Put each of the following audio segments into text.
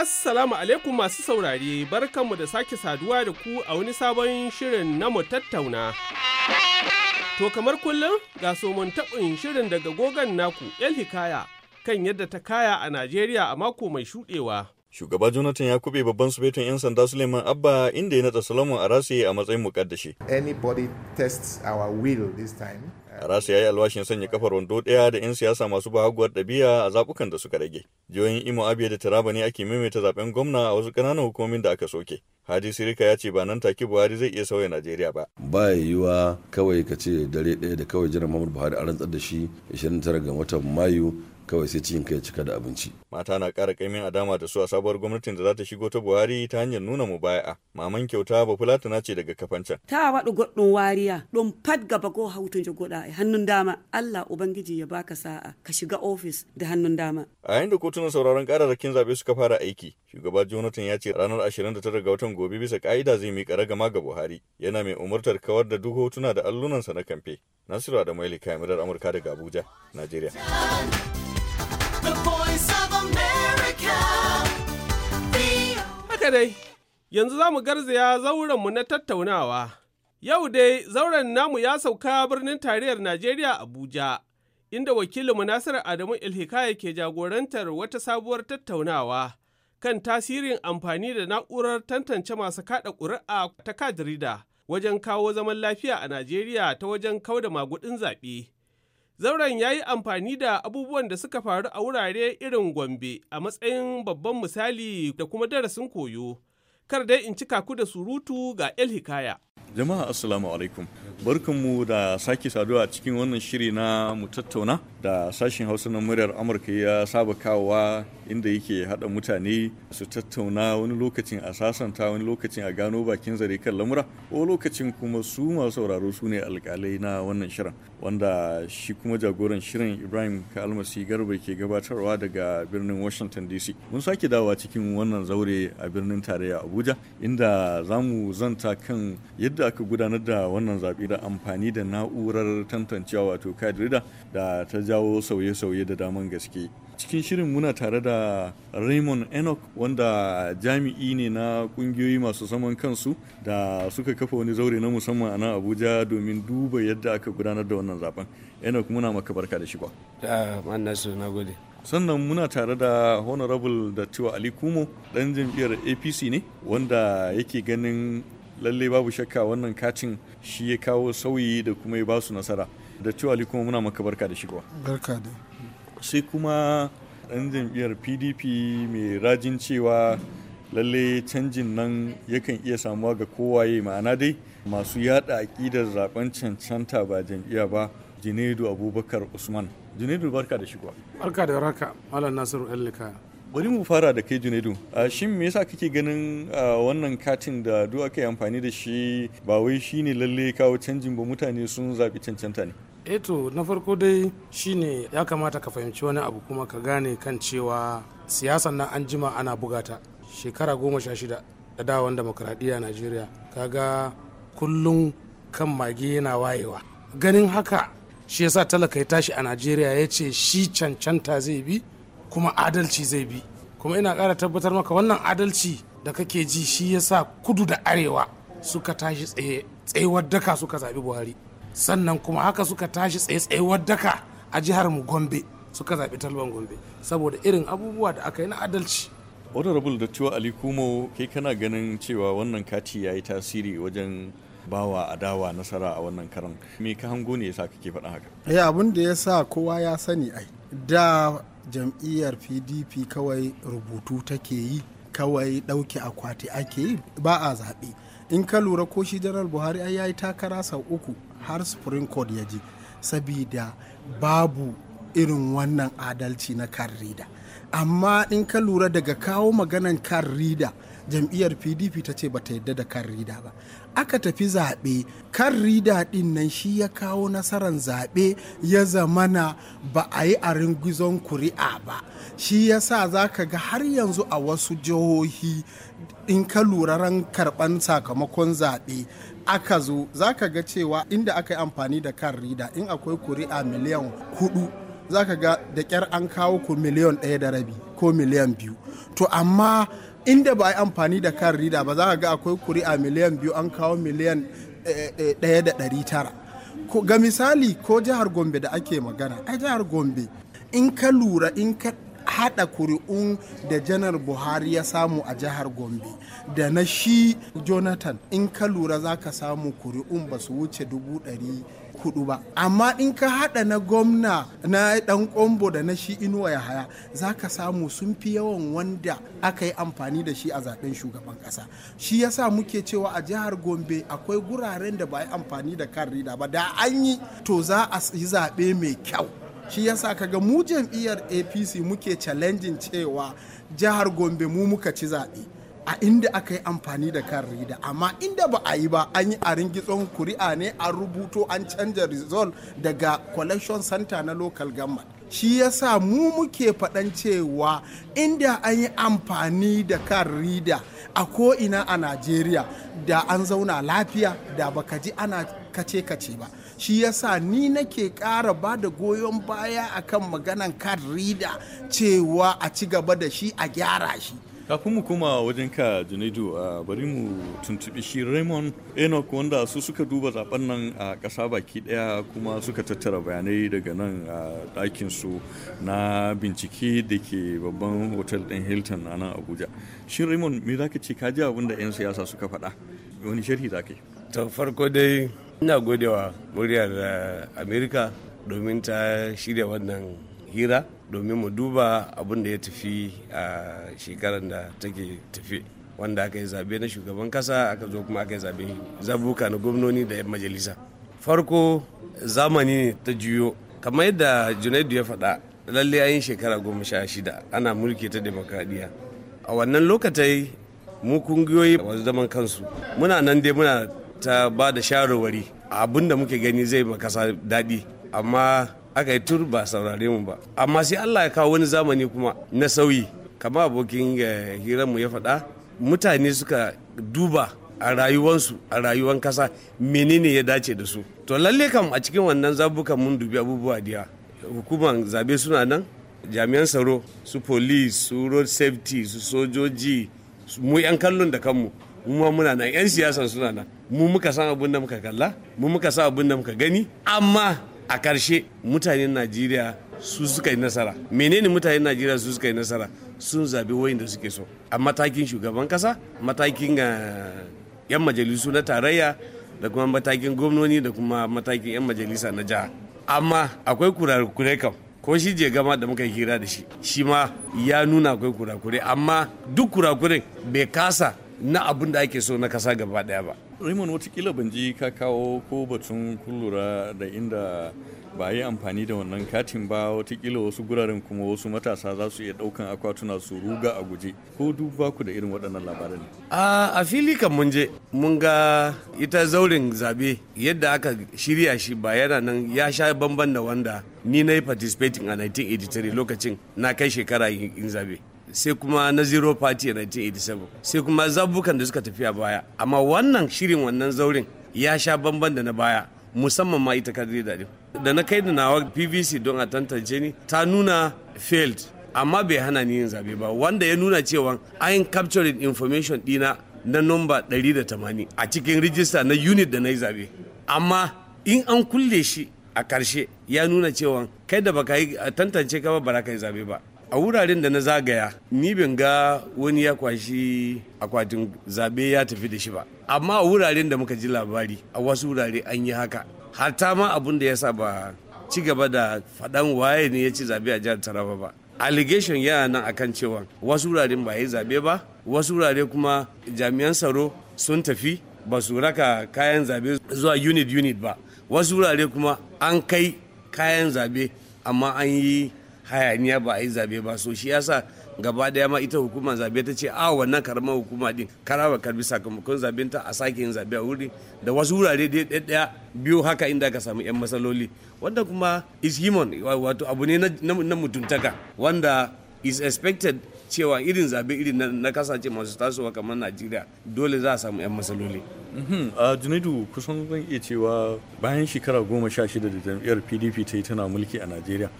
Assalamu alaikum masu saurare, barkanmu da sake saduwa da ku a wani sabon shirin na tattauna. To kamar kullum ga somon taɓin shirin daga gogan naku El Hikaya kan yadda ta kaya a Najeriya a mako mai shuɗewa. Shugaba Jonathan ya kube babban sufetun 'yan sanda Suleiman Abba inda ya nata Solomon Arase a matsayin mu Rasa ya yi alwashin sanya kafar wando ɗaya da 'yan siyasa masu bahaguwar ɗabi'a a zaɓukan da suka rage. Jihohin Imo Abia da Taraba ne ake maimaita zaben gwamna a wasu ƙananan hukumomin da aka soke. Hadi Sirika ya ce ba nan take Buhari zai iya sauya Najeriya ba. Ba yiwuwa kawai ka ce dare ɗaya da kawai jiran Muhammadu Buhari a rantsar da shi 29 ga watan Mayu kawai sai cikin kai cika da abinci mata na ƙara kaimin adama da su a sabuwar gwamnatin da za ta shigo ta Buhari ta hanyar nuna mu baya maman kyauta ba fulatana ce daga kafancan ta waɗu goɗɗon wariya don fat gaba ko hautun ji goɗa hannun dama Allah ubangiji ya baka sa'a ka shiga ofis da hannun dama a yayin da kotunan sauraron ƙararrakin zaɓe suka fara aiki shugaba Jonathan ya ce ranar 29 ga watan gobe bisa ka'ida zai miƙa ragama ga Buhari yana mai umartar kawar da duk hotuna da allunansa na kamfe Nasiru Adamu Ali kamarar Amurka daga Abuja Najeriya dai, yanzu za mu garzaya zaurenmu na tattaunawa. Yau dai zauren namu ya sauka birnin tarayyar Najeriya Abuja, inda wakilinmu Nasiru Adamu Ilhikaya ke jagorantar wata sabuwar tattaunawa kan tasirin amfani da na'urar tantance masu kaɗa ƙuri'a ta kadirida wajen kawo zaman lafiya a Najeriya ta wajen kauda magudin zaɓe. Zauren ya yi amfani da abubuwan da suka faru a wurare irin Gombe a matsayin babban misali da kuma darasin koyo. Kar dai in cika ku da surutu ga El Hikaya. Jama'a Assalamu alaikum. barkanmu da sake saduwa a cikin wannan shiri na mu tattauna da sashen hausa na muryar amurka ya saba kawowa inda yake haɗa mutane su tattauna wani lokacin a sasanta wani lokacin a gano bakin zare kan lamura ko lokacin kuma su masu sauraro su ne alkalai na wannan shirin wanda shi kuma jagoran shirin ibrahim kalmasi garba ke gabatarwa daga birnin washington dc mun sake dawowa cikin wannan zaure a birnin tarayya abuja inda za mu zanta kan yadda aka gudanar da wannan zaɓe da amfani da na'urar tantancewa wato card reader da ta jawo sauye-sauye da daman gaske cikin shirin muna tare da raymond enoch wanda jami'i ne na kungiyoyi masu saman kansu da suka kafa wani zaure na musamman a nan abuja domin duba yadda aka gudanar da wannan zaben enoch muna maka barka da shiga ah, na sannan muna tare da honorable da tiwa ali kumo dan jam'iyyar apc ne wanda yake ganin lalle babu shakka wannan kacin shi ya kawo sauyi da kuma ya basu nasara da cewa kuma muna maka barka da shigowa barka da sai kuma ɗan jam'iyyar pdp mai rajin cewa lalle canjin nan yakan iya samuwa ga kowaye ma'ana dai masu yada aƙidar zaben cancanta ba jam'iyya ba junaidu abubakar usman junaidu barka da shigowa barka da raka malam nasiru el bari mu fara da kai junaidu ah, shin me yasa kake ganin ah, wannan katin da duk aka yi amfani da shi ba wai shine lalle kawo canjin ba mutane sun zaɓi cancanta ne eto eh na farko dai shine ya kamata ka fahimci wani abu kuma ka gane kan cewa siyasan nan an jima ana bugata shekara goma sha shida da dawon demokradiyya najeriya ga kullum kan mage yana wayewa ganin haka shi yasa talaka ya tashi a najeriya ya ce shi cancanta zai bi kuma adalci zai bi kuma ina ƙara tabbatar maka wannan adalci da kake ji shi yasa kudu da arewa suka tashi tsaye tsayuwar daka suka zaɓi buhari sannan kuma haka suka tashi tsaye tsayuwar daka a jihar mu gombe suka zaɓi talban gombe saboda irin abubuwa da aka yi na adalci honorable dattiwa ali kumo kai kana ganin cewa wannan kati ya yi tasiri wajen bawa adawa nasara a wannan karan me ka hango ne yasa kake faɗa haka eh abin da ya sa kowa ya sani ai da jam'iyyar pdp kawai rubutu take yi kawai ɗauke akwati ake yi ba a zaɓe in ka lura ko shi janar buhari ai ya yi takara sau uku har supreme court ya ji sabida babu irin wannan adalci na kan rida amma in ka lura daga kawo maganan kan rida jam'iyyar pdp ta ce bata yadda da kan rida ba aka tafi zaɓe kan rida ɗin nan shi ya kawo nasarar zaɓe ya zamana ba a yi a ringizon kuri'a ba shi ya sa za ka ga har yanzu a wasu jihohi in ka lura ran karɓan sakamakon zaɓe aka zo za ka ga cewa inda aka yi amfani da kan rida in akwai kuri'a miliyan hudu za ka ga da kyar an kawo ku miliyan ɗaya da rabi ko miliyan biyu to amma inda ba a yi amfani da kan rida ba za ka ga akwai kuri'a miliyan biyu an kawo miliyan eh, eh, ɗaya da ɗari tara ga misali ko jihar gombe da ake magana a jihar gombe in ka lura in ka haɗa kuri'un da janar buhari ya samu a jihar gombe da na shi jonathan in ka lura za ka samu kuri'un ba su wuce dubu ɗari hudu ba amma in ka hada na gwamna na dan kombo da na shi inuwa ya haya za ka samu sun fi yawan wanda aka yi amfani da shi a zaben shugaban kasa shi yasa muke cewa a jihar gombe akwai guraren da ba yi amfani da kan rida ba da an yi to za a yi zaɓe mai kyau shi yasa ga mu jam'iyyar apc muke challenging cewa jihar gombe mu muka ci zaɓe a inda aka yi amfani da kan rida amma inda ba a yi ba an yi a ringitson kuri'a ne a rubuto an canja result daga collection center na local government shi yasa mu muke faɗan cewa inda an yi amfani da kan rida a ko'ina a najeriya da an zauna lafiya da baka ji ana kace-kace ba shi yasa ni nake ƙara ba da goyon baya akan maganan kan rida cewa a ci gaba da shi a gyara shi kafin mu koma wajen ka junaidu a bari mu tuntubi shi raymond enoch wanda su suka duba zaɓen nan a ƙasa baki ɗaya kuma suka tattara bayanai daga nan a ɗakin su na bincike da ke babban hotel ɗin hilton a nan abuja shi raymond me za ka ce ka ji abin da 'yan siyasa suka faɗa wani sharhi za ka yi ta farko dai ina godewa muryar eh, amerika domin ta shirya wannan hira domin mu duba abin da ya tafi a shekarar da take tafi wanda aka yi zabe na shugaban kasa aka zo kuma aka yi zabe zabuka na gwamnoni da 'yan majalisa farko zamani ne ta juyo kamar yadda junaidu ya faɗa lalle an yi shekara goma sha shida ana mulki ta demokradiyya a wannan lokacin mu kungiyoyi masu zaman kansu muna nan dai muna ta ba da shawarwari abin da muke gani zai ma kasa daɗi amma aka yi tur ba saurare mu ba amma sai Allah ya kawo wani zamani kuma na sauyi kama abokin eh, hirar mu ya faɗa mutane suka duba a rayuwansu a rayuwan kasa menene ya dace da su to lalle kam a cikin wannan zabukan mun dubi abubuwa diya hukumar zabe suna nan jami'an tsaro su police su road safety su sojoji mu 'yan kallon da kanmu mu ma muna nan 'yan siyasan suna nan mu muka san abin da muka kalla mu muka san abin da muka gani amma a ƙarshe mutanen najeriya su suka yi nasara menene mutanen najeriya su suka yi nasara sun zabi wayin da suke so a matakin shugaban kasa matakin eh, yan majalisu na tarayya da kuma matakin gwamnoni da kuma matakin yan majalisa na jiha amma akwai kurakurai kam ko shi je gama da muka hira da shi shi ma ya nuna akwai kurakurai amma duk kurakure bai kasa na abin da ake so na kasa gaba daya ba raymond watakila ban ji ka kawo ko batun kullura da inda ba yi amfani da wannan katin ba watakila wasu guraren kuma wasu matasa za su iya daukan akwatuna su ruga a guje ko duk ba ku da irin waɗannan labaran a fili kan mun je mun ga ita zaurin zabe yadda aka shirya shi ba yana nan ya sha bamban da wanda ni na yi participating a 1983 lokacin na kai shekara in zabe sai kuma na zero party 1987 sai kuma zabukan da suka tafi baya amma wannan shirin wannan zaurin ya sha bamban da na baya musamman ma ita kadiri da da na kai da nawa pvc don a tantance ni ta nuna failed amma bai hana ni yin zabe ba wanda ya nuna cewa ayin capturing information dina na nomba 180 a cikin rijista na unit da na yi zabe amma in an kulle shi a karshe ya nuna cewa kai da baka yi tantance ka ba ba yi zabe ba a wuraren da na zagaya ni ban ga wani ya kwashi akwatin zabe ya tafi da shi ba amma a wuraren da muka ji labari a wasu wurare an yi haka hatta ma abun da ya sa ba ci gaba da faɗan waye ne ya ci zabe a jihar taraba ba allegation yana nan akan cewa wasu wuraren ba ya yi zabe ba wasu wurare kuma jami'an tsaro sun tafi ba su raka kayan zabe zuwa unit unit ba wasu wurare kuma an kai kayan zabe amma an yi hayaniya ba a yi zabe ba so shi yasa gaba daya ma ita hukumar zabe ta ce a wannan karamar hukuma din karawa karbi sakamakon zaben ta a sake yin zabe a wuri da wasu wurare dai ɗaya biyu haka inda ka samu yan matsaloli wanda kuma is human wato abu ne na mutuntaka wanda is expected cewa irin zabe irin na kasance masu tasowa kamar najeriya dole za a samu 'yan matsaloli mm-hmm. a kusan zan iya cewa bayan shekara goma sha shida da jam'iyyar pdp ta yi tana mulki a najeriya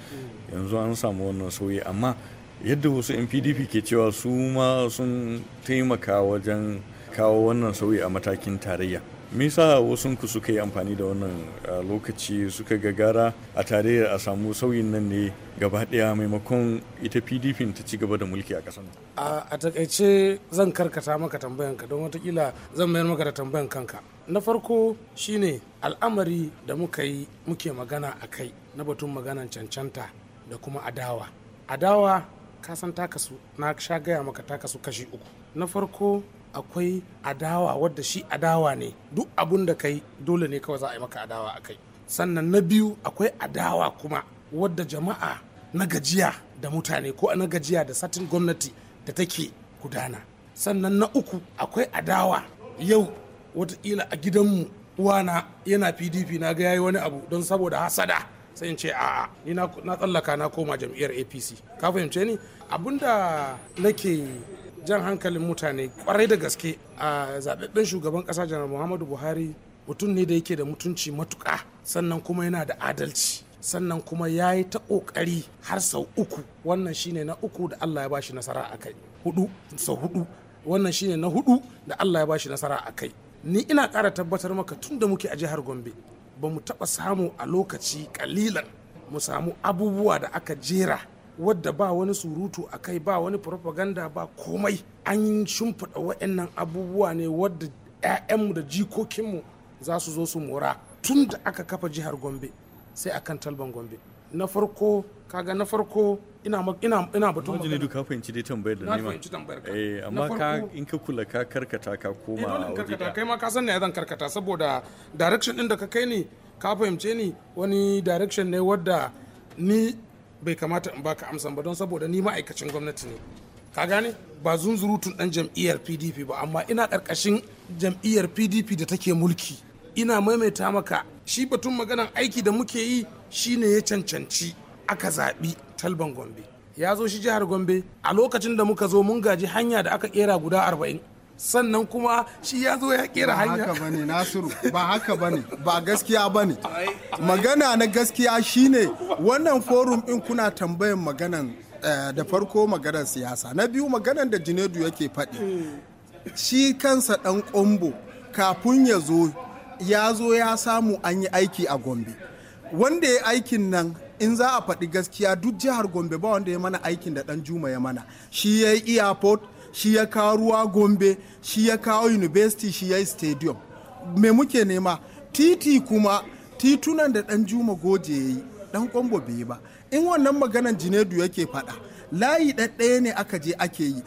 yanzu an samu wannan sauyi amma yadda wasu 'yan pdp ke cewa su ma sun taimaka wajen kawo wannan sauyi a matakin tarayya misa wasu ku suka yi amfani da wannan lokaci suka gagara a tarayyar a samu sauyin nan ne gaba daya maimakon ita pdp ta ci gaba da mulki a kasan a takaice zan karkata maka tambayan ka don watakila zan mayar maka da tambayan kanka na farko shine al'amari da muka yi muke magana a kai na batun maganan cancanta da kuma adawa adawa ka san takasu na sha gaya maka takasu kashi uku na farko akwai adawa wadda shi adawa ne duk abun da kai dole ne kawai za a yi maka adawa a kai sannan na biyu akwai adawa kuma wadda jama'a na gajiya da mutane ko na gajiya da satin gwamnati da take gudana sannan na uku akwai adawa yau watakila a gidanmu uwana yana pdp na ga yayi wani abu don saboda hasada sai in ce a'a ni na tsallaka na koma jam'iyyar apc ka fahimce ni abinda nake jan hankalin mutane kwarai da gaske a zaɓaɓɓen shugaban ƙasa janar muhammadu buhari mutum ne da yake da mutunci matuƙa sannan kuma yana da adalci sannan kuma ya yi ta ƙoƙari har sau uku wannan shine na uku da allah ya bashi nasara a kai hudu sau hudu wannan shine na hudu da allah ya bashi nasara a kai ni ina ƙara tabbatar maka tun da muke a jihar gombe ba mu taɓa samu a lokaci kalilan mu samu abubuwa da aka jera wadda ba wani surutu a kai ba wani propaganda ba komai an yi shimfiɗa wa'annan abubuwa ne wadda 'ya'yanmu da jikokinmu za su zo su mora tun da aka kafa jihar gombe sai akan talban gombe na farko kaga na farko ina ina ina batun magana ne ka fahimci dai tambayar da nema fahimci tambayar eh amma ka in ka kula ka karkata ka koma eh dole karkata kai ma ka san ne zan karkata saboda direction din da ka kai ni ka fahimce ni wani direction ne wadda ni bai kamata in baka amsan ba don saboda ni ma'aikacin gwamnati ne ka gane ba zunzurutun dan jam'iyyar PDP ba amma ina karkashin jam'iyyar PDP da take mulki ina maimaita maka shi batun maganan aiki da muke yi shi ne ya cancanci aka zaɓi talban gombe ya zo shi jihar gombe a lokacin da muka zo mun gaji hanya da aka kera guda arba'in sannan kuma shi ya zo ya kera hanya ba haka bane nasiru ba haka bane ba gaskiya bane magana na gaskiya shine wannan forum din kuna tambayan maganan eh, da farko maganar siyasa na biyu maganar da jinedu yake faɗi hmm. shi kansa ɗan kombo kafin ya zo ya zo ya samu an yi aiki a gombe wanda ya aikin nan in za a faɗi gaskiya duk jihar gombe ba wanda ya mana aikin da dan juma ya mana shi ya yi airport shi ya kawo ruwa gombe shi ya kawo university shi ya yi stadium me muke nema titi kuma titunan da dan juma goje ya yi dan kwambo bai ba in wannan maganan jinedu yake faɗa layi ɗaɗɗaya ne aka je ake yi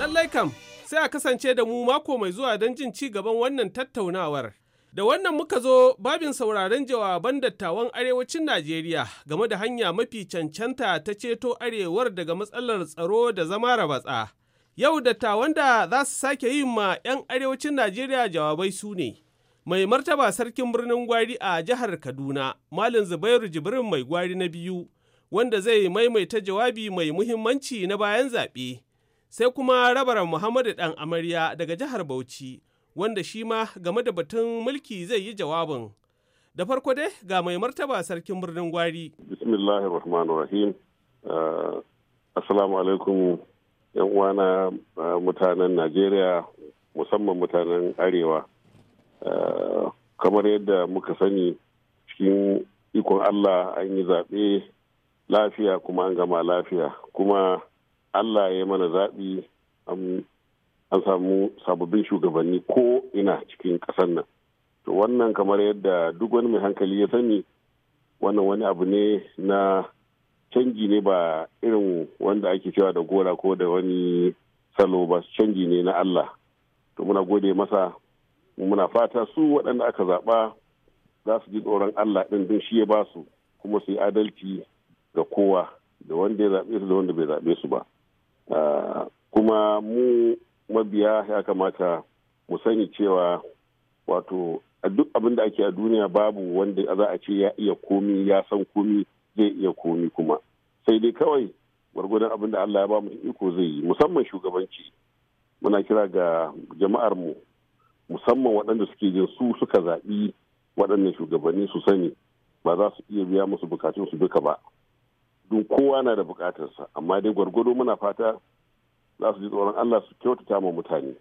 lallai Sai a kasance da mu mako mai zuwa don jin ci gaban wannan tattaunawar. Da wannan muka zo babin sauraron jawaban dattawan arewacin Najeriya game da hanya mafi cancanta ta ceto arewar daga matsalar tsaro da zama rabatsa. Yau dattawan da za su sake yin ma 'yan arewacin Najeriya jawabai su ne. Mai martaba sarkin birnin gwari a jihar Kaduna, Malam Zubairu Jibrin mai gwari na biyu, wanda zai maimaita jawabi mai muhimmanci na bayan zaɓe. sai kuma rabar Muhammadu ɗan amarya daga jihar Bauchi wanda shi ma game da batun mulki zai yi jawabin. Da farko dai ga mai martaba sarkin birnin gwari. Bismillahir Rahim. Ah, assalamu alaikum yan uwana ah, mutanen Najeriya musamman mutanen Arewa. Ah, kamar yadda muka sani cikin ikon Allah an yi zaɓe lafiya kuma an gama lafiya kuma allah ya mana zaɓi an samu sababbin shugabanni ko ina cikin ƙasar nan to wannan kamar yadda duk wani mai hankali ya sani wannan wani abu ne na canji ne ba irin wanda ake cewa da gora ko da wani salo ba canji ne na allah to muna gode masa muna fata su waɗanda aka zaɓa za su ji tsoron Allah ɗin don shi ya ba su kuma su yi adalci ga kowa da wanda ya zaɓe su da wanda bai zaɓe su ba. Ah, kuma mu mabiya ya kamata mu sani cewa wato duk abin da ake a duniya babu wanda za a ce ya iya komi ya san komi zai iya komi kuma sai dai kawai gwargwadon abin da Allah ya ba mu iko zai yi musamman shugabanci muna kira ga jama'ar mu musamman waɗanda suke jin su suka zaɓi waɗannan shugabanni su sani ba za su iya biya musu bukatun su duka ba duk kowa na da bukatarsa amma dai gwargwado muna fata za su ji tsoron Allah su kyautata ma mutane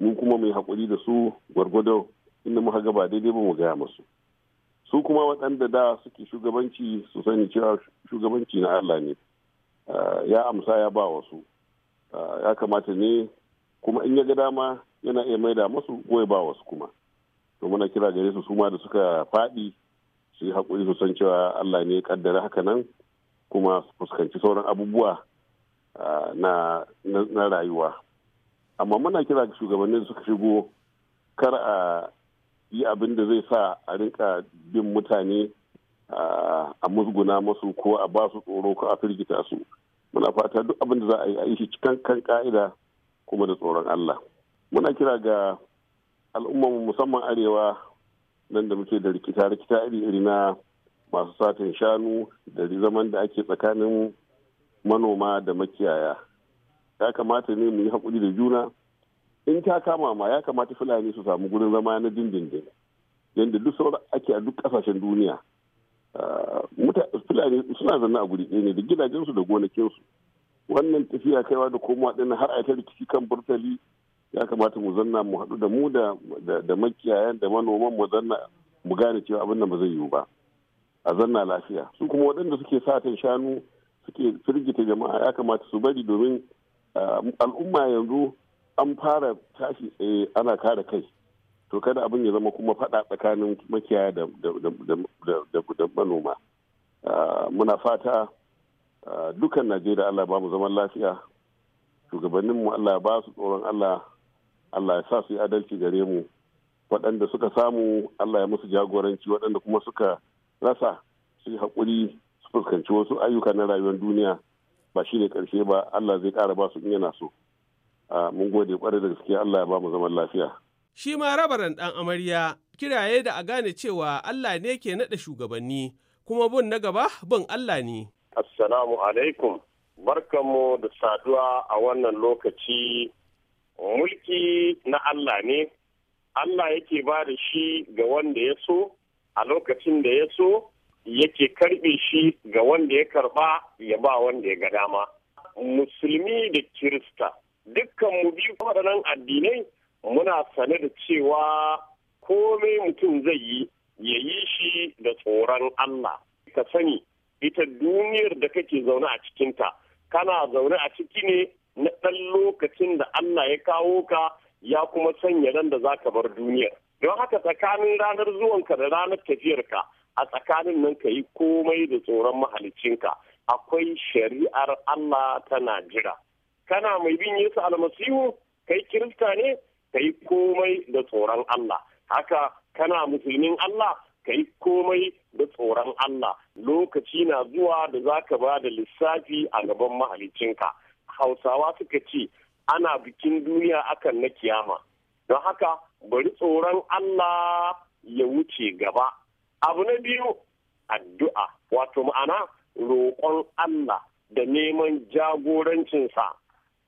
mun kuma mai haƙuri da su gwargwado inda muka gaba daidai ba mu gaya musu su kuma waɗanda da suke shugabanci su sani cewa shugabanci na Allah ne ah, ya amsa ya ba wasu ah, ya kamata ne kuma in ya ga dama yana iya maida masu goyi ba wasu kuma to muna kira gare su suma da suka faɗi su yi haƙuri su san cewa Allah ne ya kaddara haka nan kuma su fuskanci sauran abubuwa ah, na rayuwa amma muna kira ga shugabannin suka shigo kar a yi abin da zai sa a rinka bin mutane ah, a musguna masu ko a ba su tsoro ko a firgita su muna fata duk abin da za a yi a yi shi cikin kan ka'ida kuma da tsoron Allah muna kira ga al'ummar musamman arewa nan da muke da rikita rikita iri iri na masu satin shanu da zaman da ake tsakanin manoma da makiyaya ya kamata ne mu yi haƙuri da juna in ta kama ma ya kamata fulani su samu gurin zama na dindindin yadda duk sauran ake a duk ƙasashen duniya ah, fulani suna zanna a guri ne da gidajensu da gonakinsu wannan tafiya kaiwa da komowa ɗin har a ta rikici kan burtali ya kamata mu zanna mu haɗu da mu da makiyayan da manoman mu zanna mu gane cewa abin da ba zai yiwu ba. a zanna lafiya su kuma waɗanda suke satan shanu suke firgita jama'a ya kamata su bari domin al'umma yanzu an fara tashi tsaye ana kare kai to kada abin ya zama kuma faɗa tsakanin makiyaya da manoma muna fata dukan najeriya allah ba mu zaman lafiya shugabanninmu allah ba su tsoron allah allah ya sa su yi adalci gare mu waɗanda suka samu allah ya musu jagoranci waɗanda kuma suka rasa su yi haƙuri su fuskanci wasu ayyuka na rayuwar duniya ba shi ne ƙarshe ba Allah zai ƙara ba su in yana so. Mun gode ƙwarai da gaske Allah ya ba mu zaman lafiya. Shi ma rabaran ɗan amarya kiraye da a gane cewa Allah ne ke naɗa shugabanni kuma bin na gaba bin Allah ne. Assalamu alaikum. Barkanmu da saduwa a wannan lokaci mulki na Allah ne, Allah yake ba da shi ga wanda ya so, a lokacin da ya so yake karbe shi ga wanda ya karba ya ba wanda ya ga dama musulmi da kirista dukkan mu biyu waɗannan addinai muna sane da cewa komai mutum zai yi ya yi shi da tsoron Allah ka sani ita duniyar da kake zaune a cikinta kana zaune a ciki ne na ɗan lokacin da Allah ya kawo ka ya kuma sanya nan da za ka bar duniyar don haka tsakanin ranar zuwanka da ranar tafiyarka a tsakanin nan ka yi komai da tsoron mahalicinka akwai shari'ar Allah tana jira kana mai bin Yesu almasihu kai kirista ne ka yi komai da tsoron Allah haka kana musulmin Allah ka yi komai da tsoron Allah lokaci na zuwa da za ka ba da lissafi a gaban mahalicinka hausawa suka ce ana bikin duniya akan na kiyama don haka bari tsoron Allah ya wuce gaba abu na biyu addu'a wato ma'ana roƙon Allah da neman jagorancinsa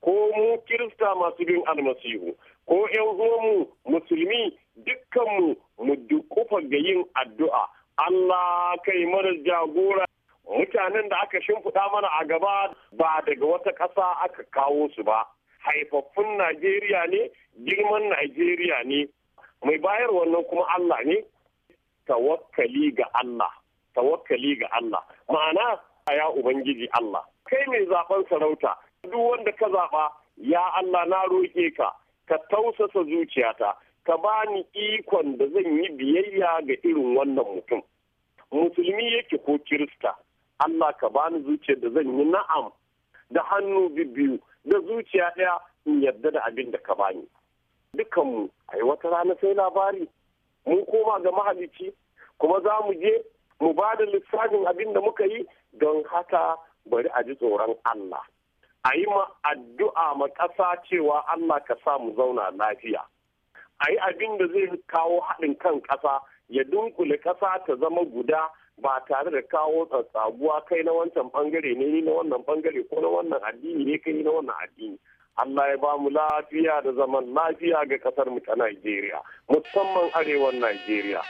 ko mu kirista masu bin almasihu ko yan uwanmu musulmi dukkanmu mu dukkufa ga yin addu'a Allah kai mana jagora mutanen da aka shimfiɗa mana a gaba ba daga wata ƙasa aka kawo su ba haifaffun Najeriya ne girman Najeriya ne mai bayar wannan kuma Allah ne tawakkali ga Allah tawakkali ga Allah ma'ana a ya ubangiji Allah kai mai zaben sarauta duk wanda ka zaɓa ya Allah na roƙe ka ka tausasa zuciyata ka bani ikon da zan yi biyayya ga irin wannan mutum musulmi yake ko kirista Allah ka bani zuciyar da zan yi na'am da hannu biyu da zuciya ɗaya in yarda da abin da ka bani dukanmu ai wata rana sai labari mun koma ga mahalicci kuma za mu je mu ba da lissafin abin da muka yi don haka bari a ji tsoron Allah a yi ma addu'a ma ƙasa cewa Allah ka sa mu zauna lafiya a yi abin da zai kawo haɗin kan ƙasa ya dunkule ƙasa ta zama guda ba tare da kawo tsatsaguwa kai na wancan bangare ne ni na wannan bangare ko na wannan addini ne kai na wannan addini Allah ya ba mu lafiya da zaman lafiya ga kasar mu ta Najeriya musamman arewan Najeriya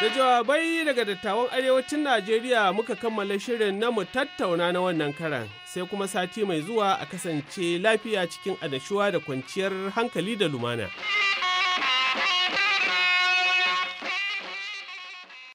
Da jawabai daga dattawan arewacin Najeriya muka kammala shirin na mu tattauna na wannan karan sai kuma sati mai zuwa a kasance lafiya cikin adashuwa da kwanciyar hankali da lumana.